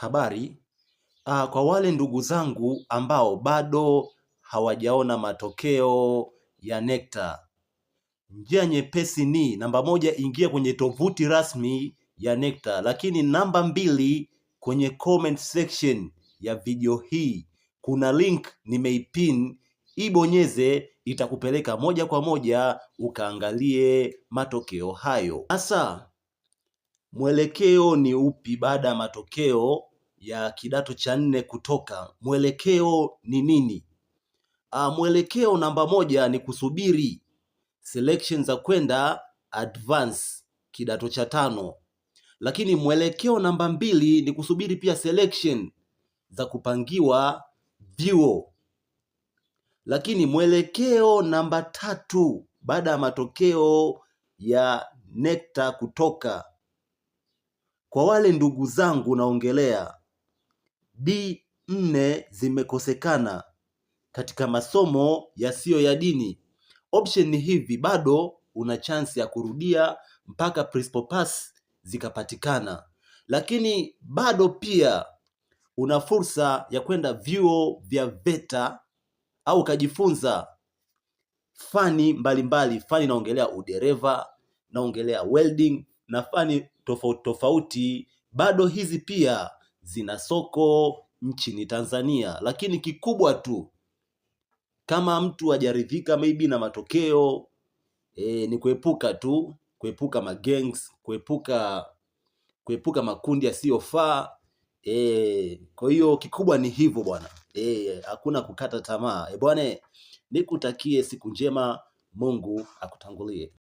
habari. Uh, kwa wale ndugu zangu ambao bado hawajaona matokeo ya NECTA, njia nyepesi ni namba moja, ingia kwenye tovuti rasmi ya NECTA, lakini namba mbili, kwenye comment section ya video hii kuna link nimeipin, ibonyeze, itakupeleka moja kwa moja ukaangalie matokeo hayo. Sasa mwelekeo ni upi baada ya matokeo ya kidato cha nne kutoka. Mwelekeo ni nini? Uh, mwelekeo namba moja ni kusubiri selection za kwenda advance kidato cha tano, lakini mwelekeo namba mbili ni kusubiri pia selection za kupangiwa vyuo, lakini mwelekeo namba tatu baada ya matokeo ya NECTA kutoka. Kwa wale ndugu zangu naongelea D nne zimekosekana katika masomo yasiyo ya dini. Option hivi bado una chance ya kurudia mpaka principal pass zikapatikana, lakini bado pia una fursa ya kwenda vyuo vya VETA au ukajifunza fani mbalimbali mbali. Fani naongelea udereva, naongelea welding na fani tofauti tofauti. Bado hizi pia zina soko nchini Tanzania, lakini kikubwa tu kama mtu hajaridhika maybe na matokeo e, ni kuepuka tu kuepuka magangs, kuepuka kuepuka makundi yasiyofaa e, kwa hiyo kikubwa ni hivyo bwana e, hakuna kukata tamaa e, bwana nikutakie siku njema, Mungu akutangulie.